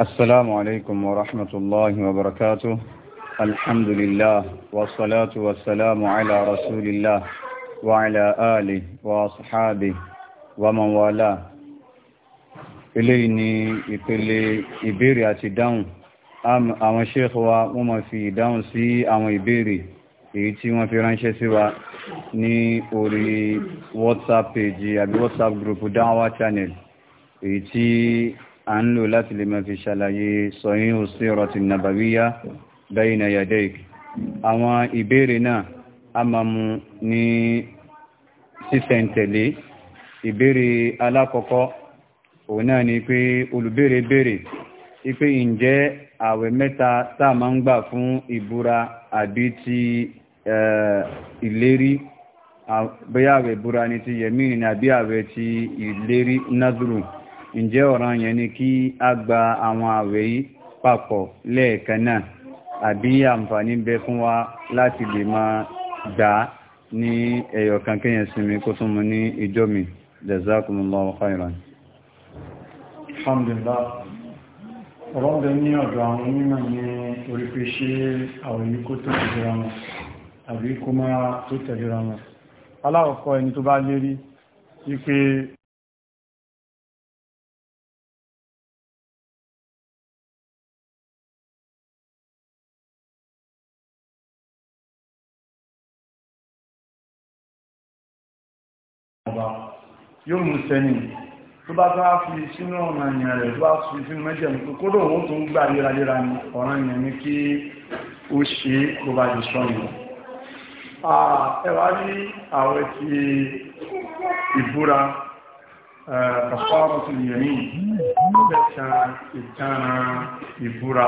السلام عليكم ورحمة الله وبركاته الحمد لله والصلاة والسلام على رسول الله وعلى آله وأصحابه ومن والاه eléyìí ni ìpele ìbéèrè àti ìdáhùn àwọn ṣéèkì wa wọ́n máa fi ìdáhùn sí àwọn ìbéèrè èyí tí wọ́n fi ránṣẹ́ sí wa ní orí whatsapp page àbí whatsapp group Da'wa channel èyí tí a ń lò láti lè máa fi ṣàlàyé sọ̀yìn òsèrọ̀tì nàbàwíyá bẹ́yìnà yadek àwọn ìbéèrè náà a máa mú ní sísẹ̀ntẹ̀lé ìbéèrè alákọ̀ọ́kọ́ òun náà ni pé olùbéèrè béèrè ipe ǹjẹ́ àwẹ̀ mẹ́ta tá a máa ń gbà fún ìbúra àbí ti ìlérí bóyá àwẹ̀ ìbúra ni ti yẹ̀mí ni àbí àwẹ̀ ti ìlérí nádùrù ǹjẹ́ ọ̀ràn yẹn ni kí a gba àwọn àwẹ̀ yìí papọ̀ lẹ́ẹ̀kan náà àbí àǹfààní bẹ fún wa láti lè máa gbà á ní ẹ̀yọ̀kan kéèyàn sinmi kó tún mu ní ìjọ mi jazakumullahu khairan. alhamdulillah ọ̀rọ̀ ń bẹ ní ọ̀dọ̀ àwọn onímọ̀ ní orí àbí kó má tó tẹ̀léra wọn aláwọ̀kọ́ ẹni tó bá lérí wípé yóò mú sẹ́ni tó bá tó á fi sínú ọ̀nà ìyàn rẹ̀ tó bá fi sínú mẹ́jẹ̀mú tó kódò ó tó ń gbà léraléra ní ọ̀ràn ìyàn ní kí ó ṣe kó bá lè sọ ìwọ̀n ẹwà rí àwẹ̀ ti ìbúra kàfàrọ̀tù yẹ̀mí tó bẹ̀ta ìtànà ìbúra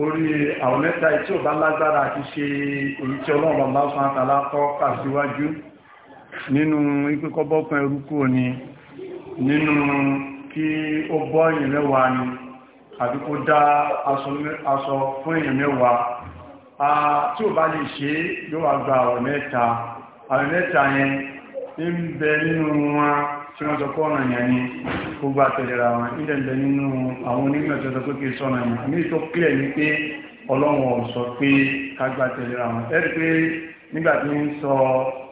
orí àwọn mẹ́ta tí ò bá lágbára àti ṣe èyí tí ọlọ́run bá fún àtàlákọ́ kà síwájú nínú ikúkọ́bọ́kùn ẹrú kúrò ní nínú kí ó bọ́ èèyàn mẹ́wàá ni àbí kó dá aṣọ fún èèyàn mẹ́wàá tí ó bá lè ṣe yóò wà gba ọ̀rọ̀ mẹ́ta ọ̀rọ̀ mẹ́ta yẹn ń bẹ nínú wọn tí wọ́n sọ ọ̀nà yẹn ni gbogbo àtẹ̀lẹ̀ra wọn ilẹ̀ ń bẹ nínú àwọn onímọ̀ ni pé ọlọ́run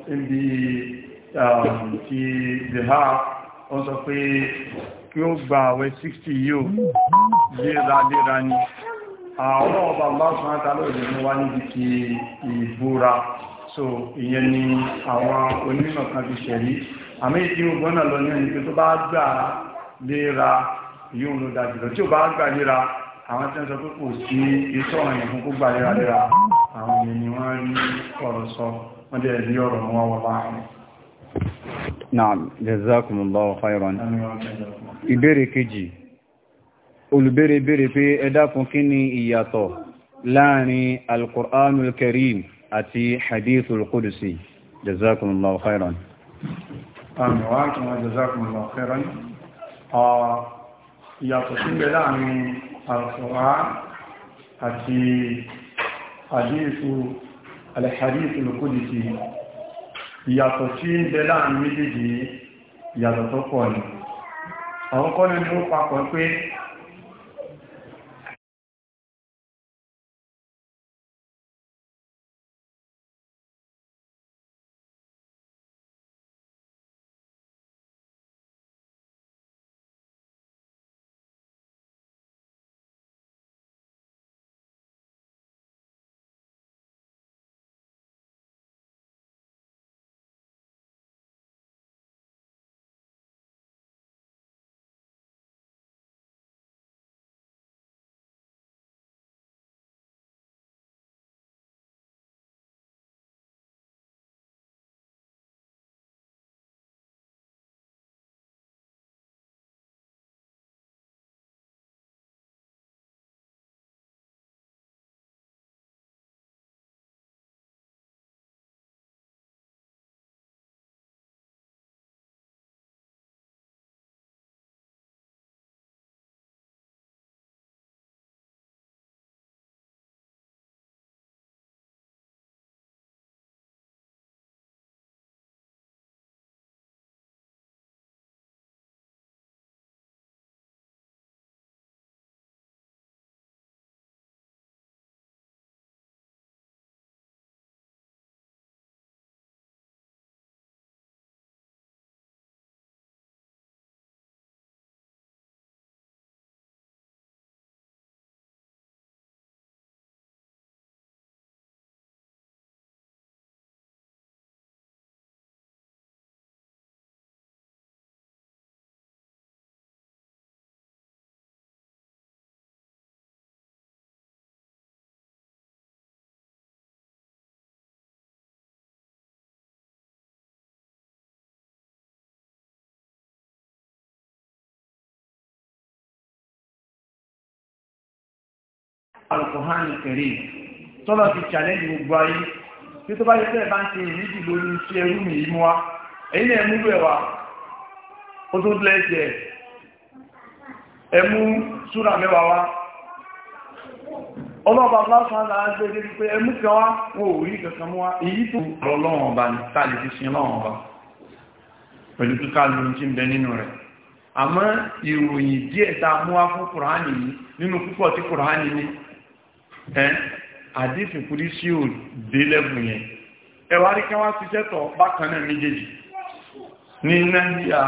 níbi um, ti zihá wọ́n sọ pé kí ó gba àwẹ̀ 60 yíò léraléra ni àwọn ọba lásán àtàlóòdì ní wá níbi kí ìbúra so ìyẹn ni àwọn onímọ̀ kan ti ṣẹ̀rí àmì ìdí ogun náà lọ ní ẹni pé tó bá gbà léra yíò ló dájúlọ tí ó bá gbà léra àwọn tí ó sọ pé kò sí iṣọ́ ọ̀yìn fún kó gbà léra léra àwọn ènìyàn wọ́n rí ọ̀rọ̀ sọ wọ́n dẹ̀ rí ọ̀rọ̀ wọn wọ́n láàrín Naam, jazakumullahu khairan. Ìbéèrè kejì. Olùbéèrè béèrè pé ẹ dákun kí ni ìyàtọ̀ láàrin Al-Qur'anul Karim àti Hadithul Qudusi. Jazakumullahu khairan. Àmì wá kí wọ́n jazakumullahu khairan. Ìyàtọ̀ sí ń alhadith al-qudsi ìyàtọ̀ tí ń bẹ láàrin méjèèjì ìyàtọ̀ ni ó papọ̀ pé alukuhani kẹrì tọ́lọ̀ ti challenge gbogbo ayé tí tó bá yẹ sẹ́ẹ̀ bá ń ṣe ìníjì lórí iṣẹ́ ẹrú mi yìí mú wa èyí náà ẹmú bẹ̀ wá ó tó lẹ́sẹ̀ ẹmú súra mẹ́wàá wá ọlọ́ọ̀bà lásán láàá gbé débi pé ẹmú kan wá wọn ò rí kankan mú wá èyí tó rọ lọ́wọ́n ọba ní táàlì fi sin lọ́wọ́n ọba pẹ̀lú kíkà lóyún tí ń bẹ nínú rẹ̀ àmọ́ ìròyìn díẹ̀ tá mú wá fún kùránì yìí nínú púpọ̀ tí kùránì ní ẹ́ àdífì kúrí sí ò dé lẹ́bùn yẹn ẹwà rí káwá ti sẹ́tọ̀ bákan náà méjèèjì ní nàìjíríà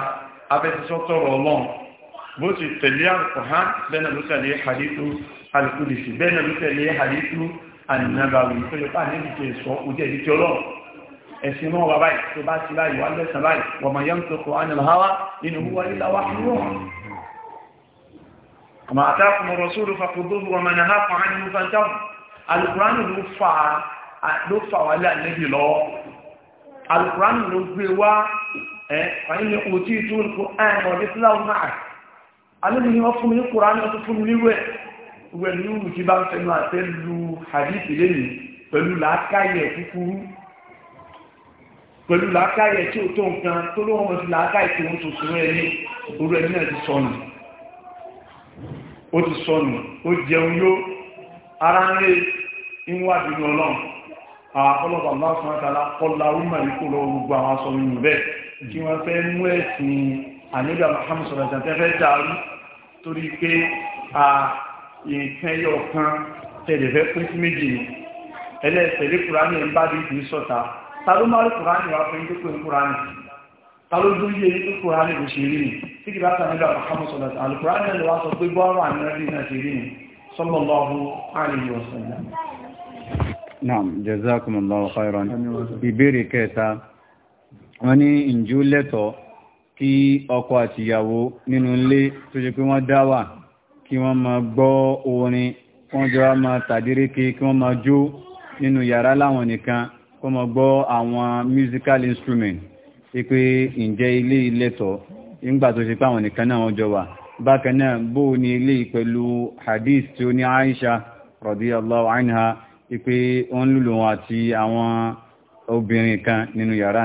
abẹ́tisọ́tọ̀rọ̀ ọlọ́run bó ti tẹ̀lé al-Qur'an bẹ́ẹ̀ náà ló tẹ̀lé hadithu al-Qudsi bẹ́ẹ̀ náà ló tẹ̀lé hadithu an-Nabawi tó yẹ ká níbi tí sọ ojú ẹ̀dí tí ọlọ́run ẹ̀sìn náà wà báyìí tó bá ti láyé wà lẹ́sàn báyìí wa ma yantiqu anil hawa in huwa illa wahyun ọmọ àtàkùn rọ̀súrù fàkùdóbù ọmọ nàá fún àánú fàjáwù alùkùránù ló fà ló fà wà lé àlébì lọ alùkùránù ló gbé wá ẹ fàyín òtí tó kù ẹn ọdí fúláwù náà alébì ni wọn fún mi ní kùránù tó fún mi níwẹ ìwẹ ní wù tí bá ń fẹnu àtẹ lu hadithi lẹ́yìn pẹ̀lú làákàyè kúkúrú pẹ̀lú làákàyè tí ò tó nǹkan tó ló wọn làákàyè tó ń tuntun ẹni orú ẹni náà ti sọnù ó ti sọnù ó jẹun yó ara ń lé níwájú ní ọlọ́run ọlọ́pàá bá fún àtàlá kọlá rúmà ní kó lọ gbogbo àwọn aṣọ nínú bẹ́ẹ̀ kí wọ́n fẹ́ mú ẹ̀sìn àníbà Muhammad sọ̀rọ̀ dàrú torí pé ìkẹyọ kan tẹ̀lẹ̀fẹ́ pín sí méjì ni ẹlẹ́ẹ̀tẹ̀lẹ́ kùránì ẹ̀ ń bá dìbò sọ̀tà ta ló rí kùránì wá fún ẹni tó pè ń kùránì tàlójú yé tó kúrò ní ìṣe rí ni tí kìí bá tàbí àwọn hamasọ̀lá alùkùránì lè wá sọ pé bọ́ọ̀rọ̀ àmìrẹ́bí náà ti ni sallallahu alaihi wasallam naam jazakumullahu khairan ìbéèrè kẹta wọ́n ní ìjú lẹ́tọ̀ kí ọkọ àtìyàwó nínú ilé tó jẹ́ pé wọ́n dáwà kí wọ́n máa gbọ́ orin wọ́n musical instrument ipe ǹjẹ́ ilé ilẹ́tọ̀ nígbà tó ṣe páwọn nìkan náà wọ́n jọ wà bákan náà bó ní ilé pẹ̀lú hadith tí ó ní Aisha radiyallahu anha ipe wọ́n lùlù àti àwọn obìnrin kan nínú yàrá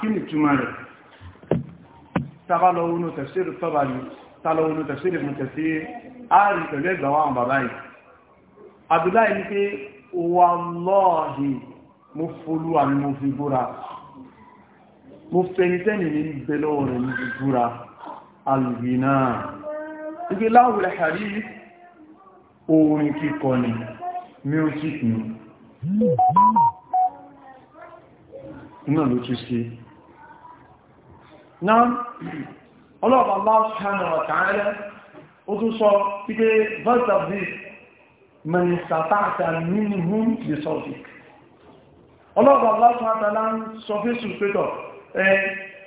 kí ni túnmà rẹ̀ tàbálọ́wọ́nú tẹ̀sírì tọ́bàlì tàbálọ́wọ́nú tẹ̀sírì mú tẹ̀sírì ààrì pẹ̀lú ẹgbàwà àwọn bàbá yìí Abdullahi ní pé wallahi mo folú àmì mo fi búra mo fẹ́nitẹ́ni ní bẹ̀lọ́wọ́ rẹ̀ ní fi búra alùgbìnà ibi láwùlẹ̀ àrí orin kíkọ ni music ni iná ló tún sí náà ọlọ́ọ̀bà bá ṣàrùn ọ̀tàárẹ́ ó tún sọ pípé voice of this mẹ́sàtàtà nínú hún the celtic ọlọ́ọ̀bà bá ṣàtàlá ń sọ fésù pétọ̀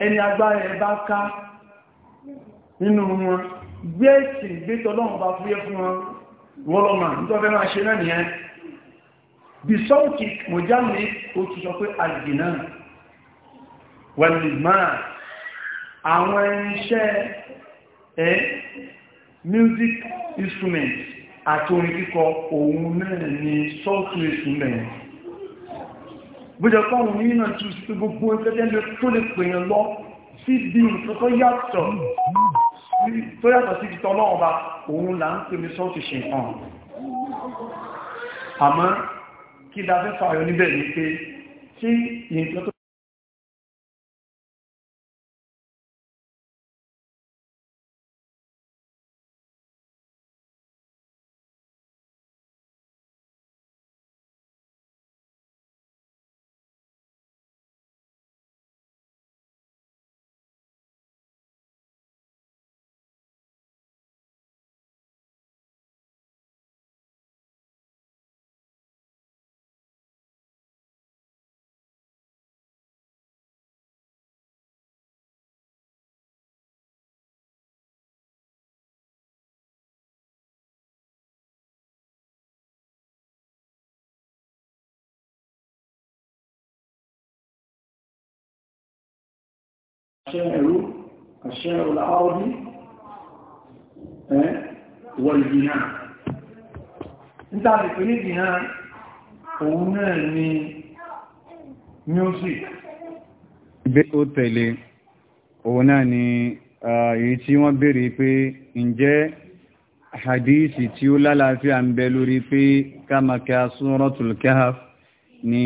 ẹni agbára ẹ bá ká nínú wọn gbé ẹ̀sìn gbé tọ́lọ́wọ́n bá fúyẹ́ fún wọn wọ́lọ́mà nítọ́fẹ́ máa ṣe náà nìyẹn wẹ̀lìmáà àwọn irinṣẹ́ ẹ́ music instrument àti orin kíkọ òun náà ni software instrument bójọ pọ́wọ́n ní náà tún sí gbogbo ẹgbẹ́gbẹ́ tó lè pèèyàn lọ sí bí nǹkan tó yàtọ̀ tó yàtọ̀ sí títọ́ lọ́wọ́ bá òun là ń pè ní sọ́ọ̀tù ṣe hàn àmọ́ kí dáfẹ́ fàyọ níbẹ̀ ní pé tí nǹkan tó الشاعر الشاعر العربي والجنان انت عارف ايه الجنان قلنا ان ميوزيك ó tẹ̀lé òun náà ni èyí tí wọ́n béèrè pé ǹjẹ́ hadisi tí ó lálàáfíà ń bẹ lórí pé kámakẹ́ Suratul Kahf ní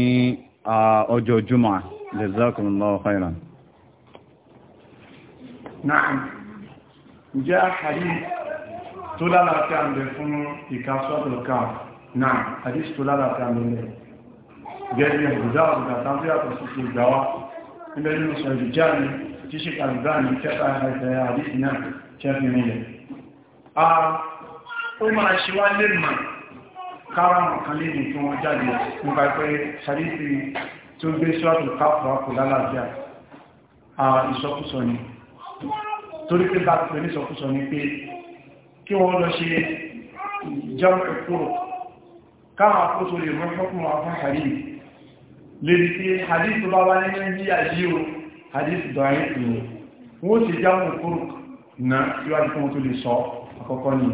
ọjọ́ Jumu'ah jazakumullahu khairan náà ǹjẹ́ àkàrí tó lálàáfíà ń bẹ fún ìkásọ́tọ̀ká náà àdíṣ tó lálàáfíà ń bẹ gẹ́gẹ́ ìgbùdá ọ̀gbà tàbí àtọ̀síṣe ìgbàwá nílẹ̀ nínú sọ ìrìjá ni tí ṣe kàrùgbà ní kẹta ẹ̀ẹ̀ẹ̀ àdíṣ náà kẹfì nílẹ̀ ó máa ṣe wá lè mà káràmù kan lè nìkan wọn jáde nípa pé ṣàdíṣe tó gbé ṣọ́tọ̀ káàkùn àpò lálàáfíà ìsọkúsọ ni torí pé bá pẹ̀lú sọkúsọ ní pé kí wọ́n lọ ṣe ìjọm ẹ̀kúrò káwọn àkóso lè mọ́ fọ́kùnmọ́ fún hadith lè rí pé hadith tó bá wá ní ní àjíò hadith dọ̀rin ìlú wọ́n ti jọm ẹ̀kúrò na síwájú fún tó lè sọ àkọ́kọ́ ní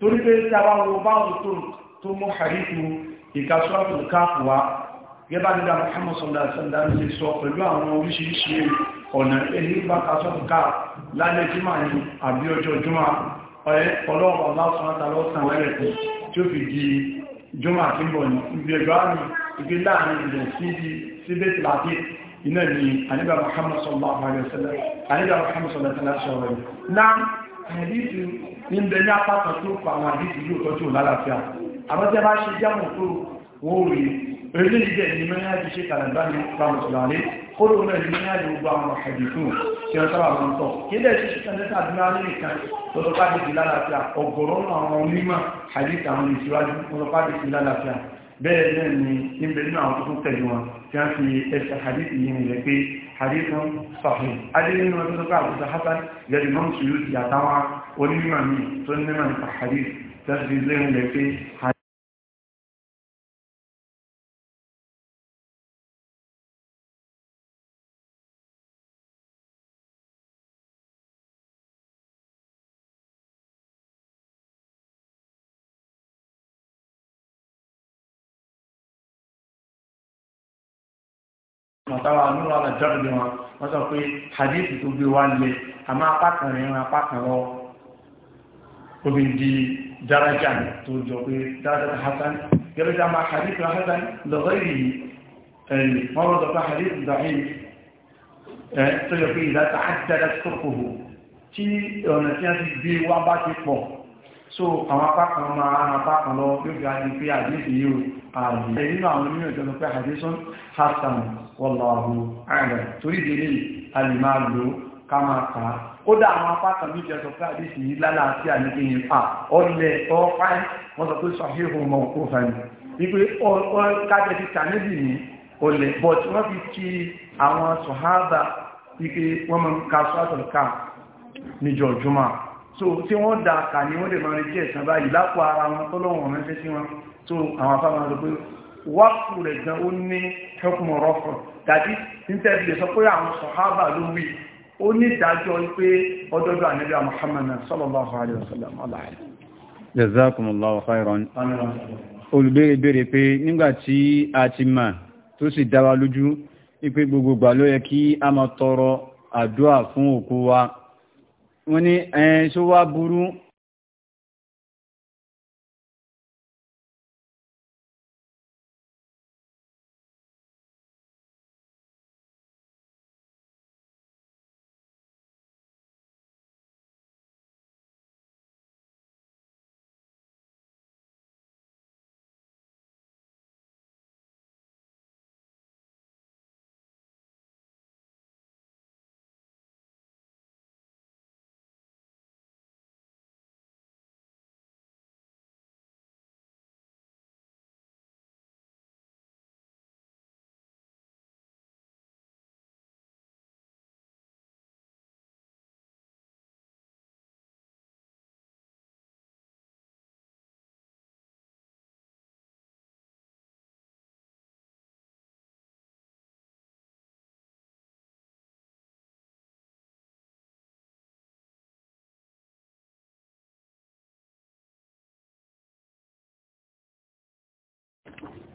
torí pé sábàwọ̀ báwọn tó mú hadith ìkàṣọ́ ọ̀nà èyí bá kásọ̀tún ká lálẹ́ jímà ní àbí ọjọ́ jùmà ọ̀rẹ́ ọlọ́ọ̀pọ̀ bá sọ látàlọ́ sàn wẹ́rẹ̀ tí ó fi di jùmà tí ń bọ̀ ní ibi ẹgbẹ́ àmì ibi láàrin ilẹ̀ sí bẹ́ẹ̀ láti iná ni àníbà Muhammad sallallahu alaihi wasallam àníbà Muhammad sallallahu alaihi wasallam na àdìsí ní bẹ ní apá kan tó pa àwọn àdìsí yóò tọ́jú lálàáfíà àbọ́tẹ́ bá wọ́n rí ilé ìjẹ́ ìmẹ́lá ti ṣe kàlẹ̀bá ní ramọ̀sọ̀lárí kódò náà ìmẹ́lá ti gbogbo àwọn àṣàdìkú tí ó sára wọn tọ̀ kílẹ̀ tí ṣe kàlẹ̀ tàbí amẹ́ríkà lọ́lọ́pàdìsì lálàáfíà ọgọ̀rọ̀ àwọn onímọ̀ àdìsì àwọn ìṣíwájú lọ́lọ́pàdìsì lálàáfíà bẹ́ẹ̀ náà ni níbẹ̀ nínú àwọn tuntun tẹ̀lé wọn tí a ń fi ẹsẹ̀ hadith yìí rẹ̀ pé hadith ń sọ̀hìn adínínú sí yóò ti tó ní àwọn táwa nínú àwọn jọ́rọ̀ bí wọn wọ́n sọ pé hadith tó gbé wá lé àmọ́ apá kan rẹ̀ wọn apá kan lọ omi di daraja tó jọ pé daraja hasan gẹ́gẹ́ bí àwọn hadith wọn hasan lọ́wọ́ yìí wọ́n rọ̀ dọ̀kọ́ hadith da'if tó yọ pé ìdá tààdà sọ́kòrò tí ọ̀nà tí wọ́n ti gbé wá bá ti pọ̀ so àwọn apákan ọmọ àwọn apákan lọ yóò fi àti pé àdíṣì yóò ààrùn nínú àwọn onímọ̀ ìjọba pé àdíṣùn hassan wallahu a'lam torí délé alìmá lò ká máa kà á ó dá àwọn apákan ní ìjọba pé àdíṣì yìí lálàáfíà ní kí n fà ọlẹ̀ ọ̀fáì but wọ́n fi kí àwọn sọ̀háàbà wípé wọ́n máa ń ka sọ́tọ̀ ká níjọ́ jùmọ̀ so tí wọ́n dà kà ní wọ́n lè máa rí jẹ́ ìsàn báyìí lápò ara wọn tó lọ́wọ́ ránṣẹ́ sí wọn tó àwọn afáwọn àti pé wákù rẹ̀ gan ó ní hukmu rafa tàbí nítorí sọ pé àwọn sọ̀hábà ló wí ó ní ìdájọ́ pé ọdọ́dọ̀ ànábì Muhammad sallallahu alaihi wasallam aláàrẹ jazakumullahu khairan olùbéèrè béèrè pé nígbàtí a ti mà tó sì dá wa lójú wípé gbogbogbà ló yẹ wọ́n ní ẹ̀ẹ́n ṣó wá burú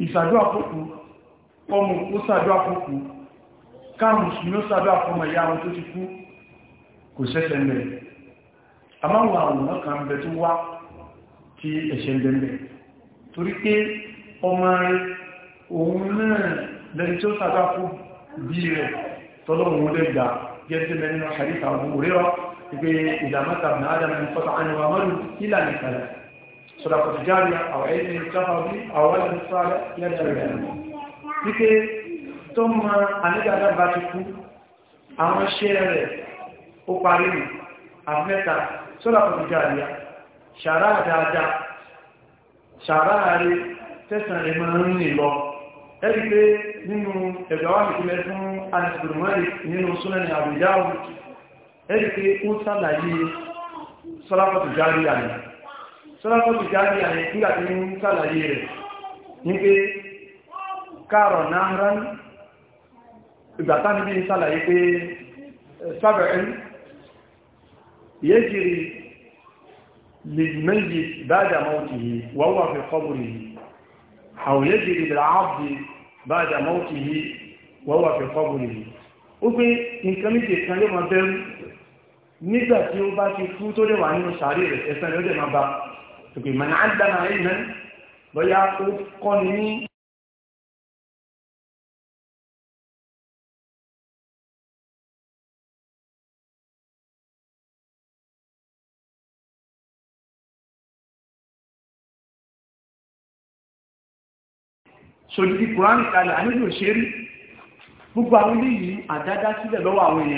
ìsàdúrà fòkú ọmọ ó sàdúrà fòkú káàmù sùn ó sàdúrà fọmọ ìyá wọn tó ti kú kò sẹ́sẹ̀ mẹ́rin àmáwọn àwòrán kan bẹ tó wá tí ẹ̀ṣẹ̀ bẹ̀rẹ̀ torí pé ọmọ rẹ̀ òun náà lẹ́ni tí ó sàdúrà fún bí rẹ̀ tọ́lọ́wọ́n صدقة جارية أو علم يتقضي أو ولد صالح يدعو wípé tó ma anígbàdá bá ti kú àwọn ṣẹ́ rẹ̀ ó parí rù àmẹ́ta sọ́làpọ̀tù jàríà ṣàrá àdáadáa ṣàrá àrí tẹ́sàn rẹ̀ máa ń rìn lọ ẹ́rí pé nínú ẹ̀gbàwà ìpínlẹ̀ fún alìsìdìmọ́rì nínú súnẹ̀ni àbújáwò ẹ́rí pé ó sàlàyé sọ́làpọ̀tù jàríà nìí sọ́lọ́pọ̀ ti jáde àyè nígbà tí ń sàlàyé rẹ̀ ní pé káàrọ̀ náhran ìgbàtá níbi sàlàyé pé sábẹ̀ẹ́n yẹ́jìrì lè méjì bájà mọ́tì yìí wọ́wọ́ fi kọbùrì yìí àwọn yẹ́jìrì láàbì bájà mọ́tì yìí wọ́wọ́ fi kọbùrì yìí tapi mana adana ilman ba yaqut ini. so di quran kala anu shir bu bawli yi adada sile lowa awon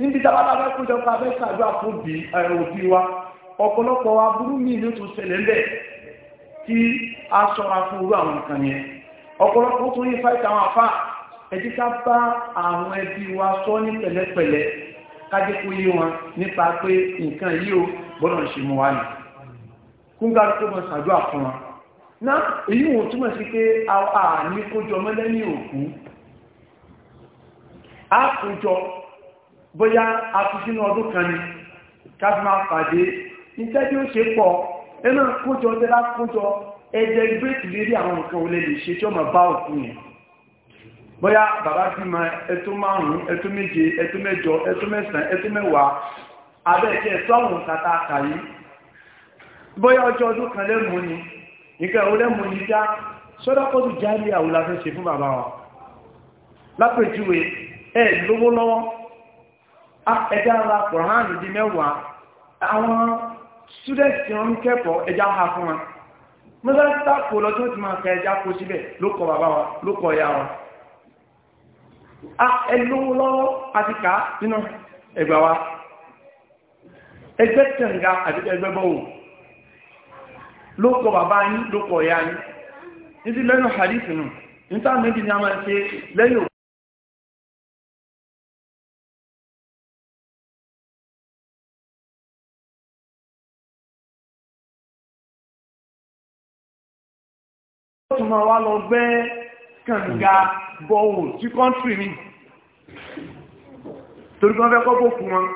Ini indi da baba ko jo ka be sa jo afobi e obi ọ̀pọ̀lọpọ̀ wa mi ló tún ṣẹlẹ̀ ń tí a ṣọ́ra fún orú àwọn yẹn ọ̀pọ̀lọpọ̀ tún yí fáìtà àwọn bá àwọn ẹbí wa sọ ní pẹ̀lẹ́pẹ̀lẹ́ kájẹ́kú yí wọn nípa pé nǹkan yí o gbọ́dọ̀ ṣe wa ní a fi sínú ọdún kan iṣẹ́ tí ó ṣe pọ̀ ẹnu kójọ ọjọ́ bá kójọ ẹjẹ gbéètì lérí àwọn nǹkan olè lè ṣe tí ó mọ̀ bá òkú yẹn bóyá bàbá bí ma ẹtú márùn-ún ẹtú méje ẹtú mẹ́jọ ẹtú mẹ́sàn-án ẹtú mẹ́wàá abẹ́ẹ̀kí ẹ̀tú àwọn kàtà àkàyí bóyá ọjọ́ ọdún kan lẹ́mú ni nǹkan ẹ̀wọ́ lẹ́mú ni já sọ́dọ̀ kọ́tù jáde àwòlá fẹ́ ṣe fún bàbá wa lápèjúwe ẹ̀ di mẹ́wàá àwọn students tí wọ́n ń kẹ́kọ̀ọ́ ẹja ha fún wa mọ́sánsá kò lọ tó ti máa ka ẹja kó síbẹ̀ ló kọ bàbá wa ló kọ wa a lọ́wọ́ àti ká nínú ẹgbà wa ẹgbẹ́ kẹ̀ǹga àti ẹgbẹ́ bọ́wọ̀ ló kọ bàbá yín ló kọ ìyá yín ó tún máa wá lọ gbẹ́ kànga bọ̀wọ̀ sí kọ́ńtírì ni torí kan fẹ́ kọ́ bókun wọn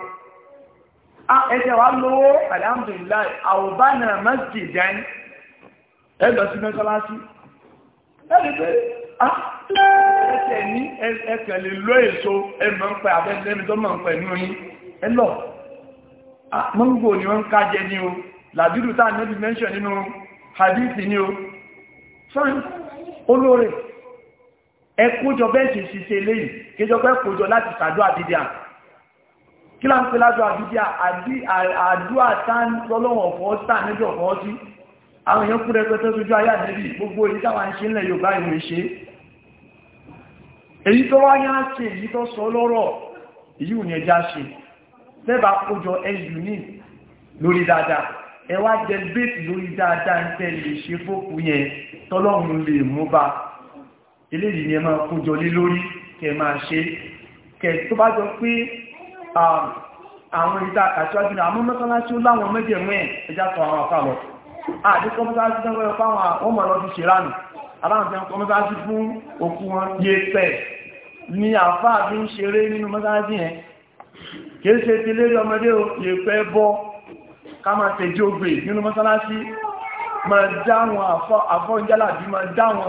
ẹsẹ̀ wa lówó alhamdulilayi àwòbánà masjidan ẹ lọ sí mẹ́sálásí ẹ lè pé ẹsẹ̀ ní ẹsẹ̀ lè lọ èso ẹ máa ń pẹ abẹ́sẹ̀lẹ́mi tó máa ń pẹ ní oyin ẹ lọ mọ́ngbò ni wọ́n ń kájẹ ní o làdúrù tá a nẹ́bí mẹ́ńṣọ̀ nínú hadith ni o sáàmì olóore ẹkójọ bẹ́ẹ̀ ṣe ṣiṣẹ́ léyìn kéjọ bẹ́ẹ̀ kójọ láti sàdó àdídíà kí láń pẹ́ ládó àdídíà àdúà tán lọ́lọ́wọ̀n fọ́ sáà níbi ọ̀fọ́ sí àwọn èèyàn kú rẹpẹtẹ sójú ayé àdébì gbogbo èyí táwọn ṣe ńlẹ̀ Yorùbá ìwé ṣe èyí tó wá yá ṣe èyí tó sọ lọ́rọ̀ èyí ò ní ẹjá ṣe lẹ́bàá kójọ ẹ̀yù ní lórí dáadáa ẹ wá jẹ bẹ́ẹ̀tì lórí dáadáa ń tẹ́ lè ṣe fókù yẹn tọ́lọ́run lè mú bá eléyìí ni ẹ máa kójọ lé lórí kẹ máa ṣe kẹ tó bá jọ pé àwọn ìta àṣíwájú ní àmọ́ mọ́sánláṣí ó láwọn mẹ́jẹ̀mú ẹ̀ ẹjá sọ àwọn àfà lọ àdíkọ́ mọ́sánláṣí tó wọ́n fáwọn ọmọ lọ fi ṣèrànù aláwọn tẹ́ ń kọ́ mọ́sánláṣí fún òkú wọn yé pẹ̀ ní àfà bí ń ṣeré nínú mọ́sánláṣí yẹn kìí ṣe ti lérí ọmọdé o yè pẹ́ bọ́ ká máa tẹ̀jú ogbè nínú mọ́sálásí máa dáwọn àfọ́ ìjálàbí máa dáwọn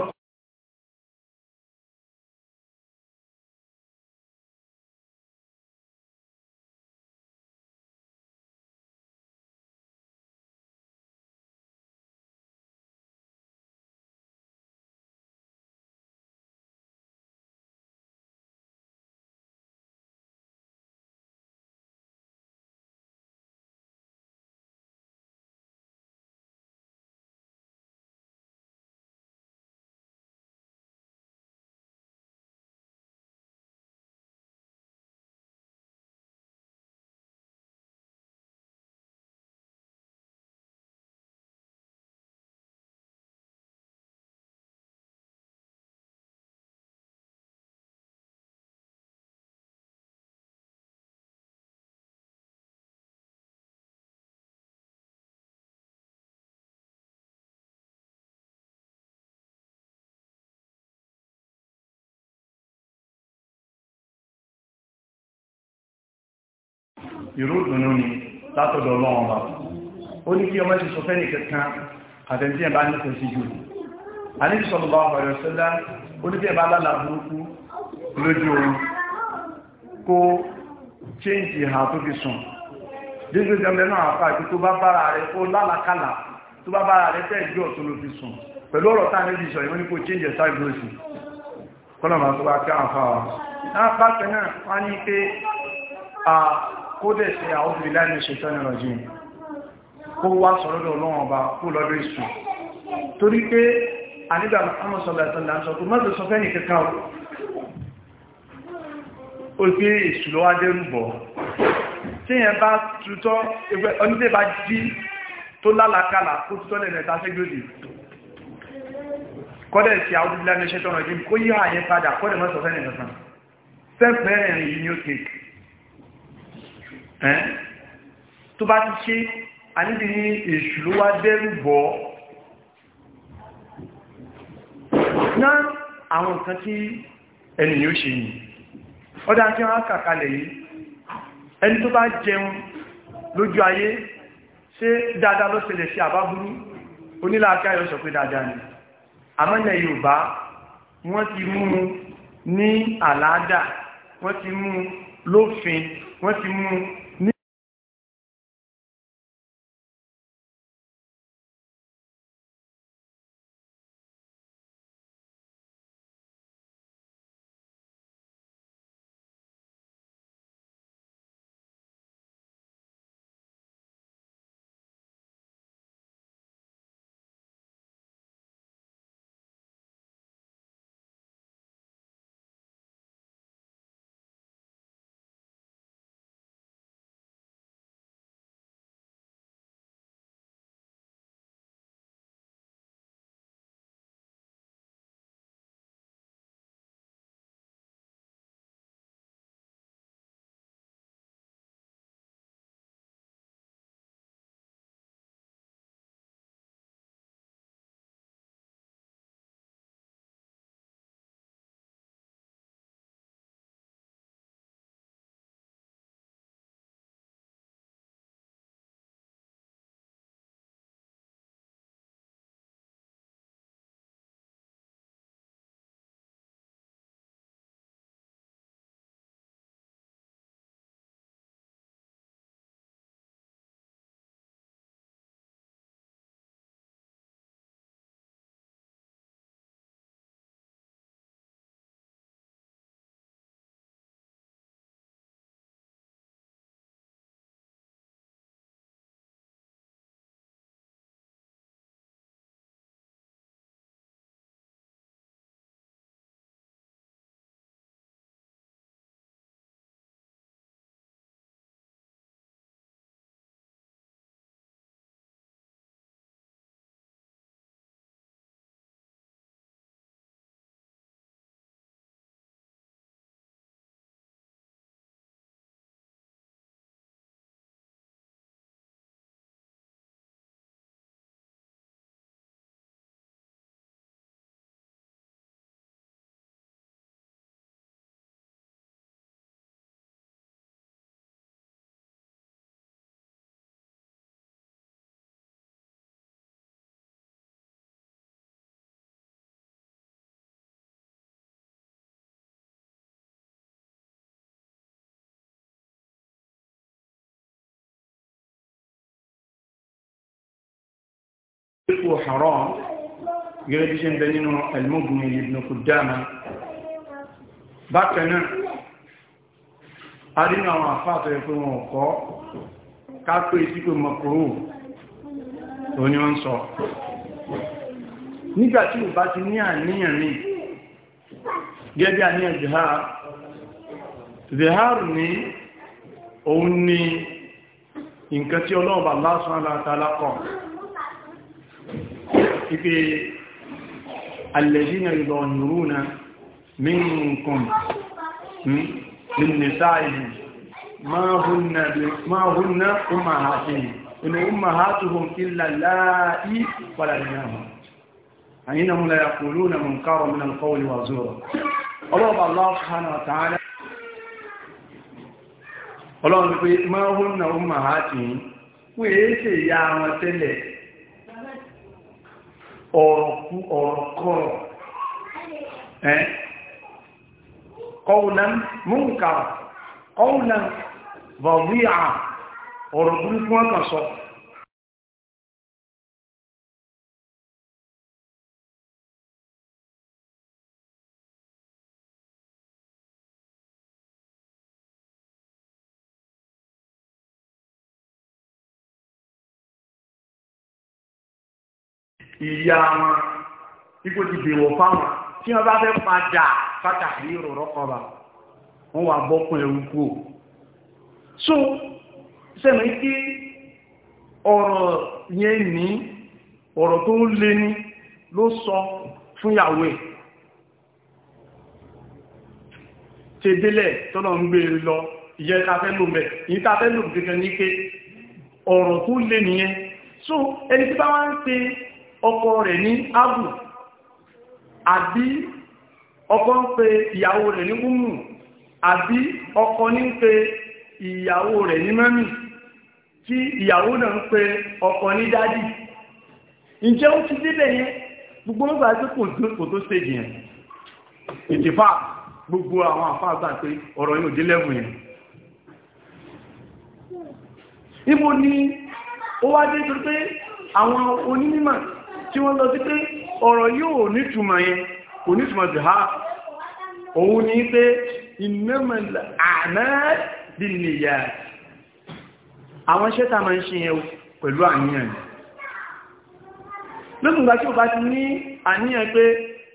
ìrúdùnú ni látọ̀dọ̀ ọlọ́run ọba ó ní kí ọmọ ti sọ fẹ́ni kankan àtẹ̀ntí ẹ̀bá ní kò sí jù àníbi sọ̀rọ̀ ọ̀rọ̀ sẹ́lá ó ní kí ẹ̀bá lálà burúkú lójú oorun kó chéǹtì ìhà tó fi sùn dídú jẹmẹ náà àpá àti tó bá bára rẹ ó lálàkàlà tó bá bára rẹ fẹ́ ìjọ tó ló fi sùn pẹ̀lú ọ̀rọ̀ táà níbi ìṣọ̀ ìwọ́n ní kò chéǹtì ẹ̀sá ìgbóòsì kọ́nà máa tó bá kí àǹfà wa. náà bákan náà wá kó dẹ̀ sí àwọn obìnrin láì ní ṣètọ́ ní ọjọ́ kó wá sọ̀rọ̀dọ̀ ọlọ́run ọba kó lọ́dọ̀ ìsù torí pé àníbà amọ́sọ̀lẹ̀sọ̀lẹ̀ sọ pé mọ́sọ̀ sọ fẹ́ni kankan ó pé ìsù lọ́wọ́ dẹ́rùbọ̀ tí yẹn bá tutọ́ onídé bá jí tó lálàkàlà kó tutọ́ lẹ́mẹ̀ta ségbòdì kọ́dẹ̀ sí àwọn àyẹ́ padà kọ́dẹ̀ mọ́sọ̀ fẹ́ni kankan yìí ni ó kéèkì tó bá ti ṣe a níbi ní èṣù ló wá dẹ́rù bọ́ náà àwọn nǹkan tí ènìyàn ṣe yìí ọdá tí wọ́n kàkalẹ̀ yìí ẹni tó bá jẹun lójú ayé ṣe dáadáa ló ṣẹlẹ̀ sí àbábúrú onílàákà yóò sọ pé dáadáa ni àmọ́lẹ̀ Yorùbá wọ́n ti mú ní àlàádà wọ́n ti mú lófin wọ́n ti mú ipò haram gẹ́gẹ́ bí ṣe ń bẹ nínú al-Mughni ibn Qudama bákan náà a rí àwọn àfáàtọ̀ ẹ̀kọ́ wọn ọ̀kọ́ kápé sípò mọ̀kòrò òní wọ́n sọ nígbàtí ò bá ti ní àníyàn ní gẹ́gẹ́ àníyàn ipé alẹ́dínà ìlọ̀nìrúnà minkum hmm, min nisa'ihi ma hunna ummahatuhum in ummahatuhum illa la'i wala dinahum annahum la yaquluna munkaran min al-qawli wa zura Allah subhanahu wa ta'ala Ọlọ́run pé máa hún náà ó máa há tí ọ̀rọ̀kú ọ̀rọ̀kọ̀rọ̀ ẹ́ kọ́wùlán múnkà kọ́wùlán bọ̀wíà ọ̀rọ̀ burúkú wọn kà sọ ìyá wọn ipò ti dèwọ̀ fáwọn tí wọ́n bá fẹ́ padà pàtàkì ìrọ̀rọ̀ kọba wọ́n wà bọ́kùn ẹ̀rù kú o so sẹ́nu ikí ọ̀rọ̀ yẹn ní ọ̀rọ̀ tó lé ní ló sọ fún yàwó ẹ̀ ṣe délẹ̀ tọ́lọ̀ ń gbé e lọ ìyẹ́ tafẹ́ lò mẹ́ ìyí tafẹ́ lò gẹ́gẹ́ ní pé ọ̀rọ̀ tó lé nìyẹn so ẹni tí bá wá ń ṣe ọkọ rẹ̀ ní abu àbí ọkọ ń pe ìyàwó rẹ̀ ní umu àbí ọkọ ní ń pe ìyàwó rẹ̀ ní mẹ́mì tí ìyàwó náà ń pe ọkọ ní dádì ǹjẹ́ ó ti débẹ̀ yẹn gbogbo ń gbà tí kò tó stage yẹn ìtìfà gbogbo àwọn àfáàgbà pé ọ̀rọ̀ yóò dé lẹ́bùn yẹn ibo ni ó wá dé tó pé àwọn onímọ̀ tí wọ́n lọ sí pé ọ̀rọ̀ yóò nítumọ̀ yẹn kò nítumọ̀ sí ha òun ní pé ìmẹ́mọ̀lá àmẹ́bìnìyà àwọn iṣẹ́ tàà máa ń ṣe yẹn pẹ̀lú àníyàn lókùngbà tí ó bá ti ní àníyàn pé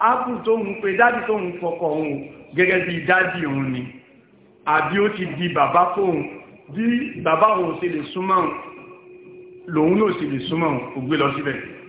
ápù tó ń pe dádì tó ń fọkọ̀ òun gẹ́gẹ́ bí dádì òun ni àbí ó ti di bàbá fóun bí bàbá òun sì lè súnmọ́ lòun náà sì lè súnmọ́ ògbé lọ síbẹ̀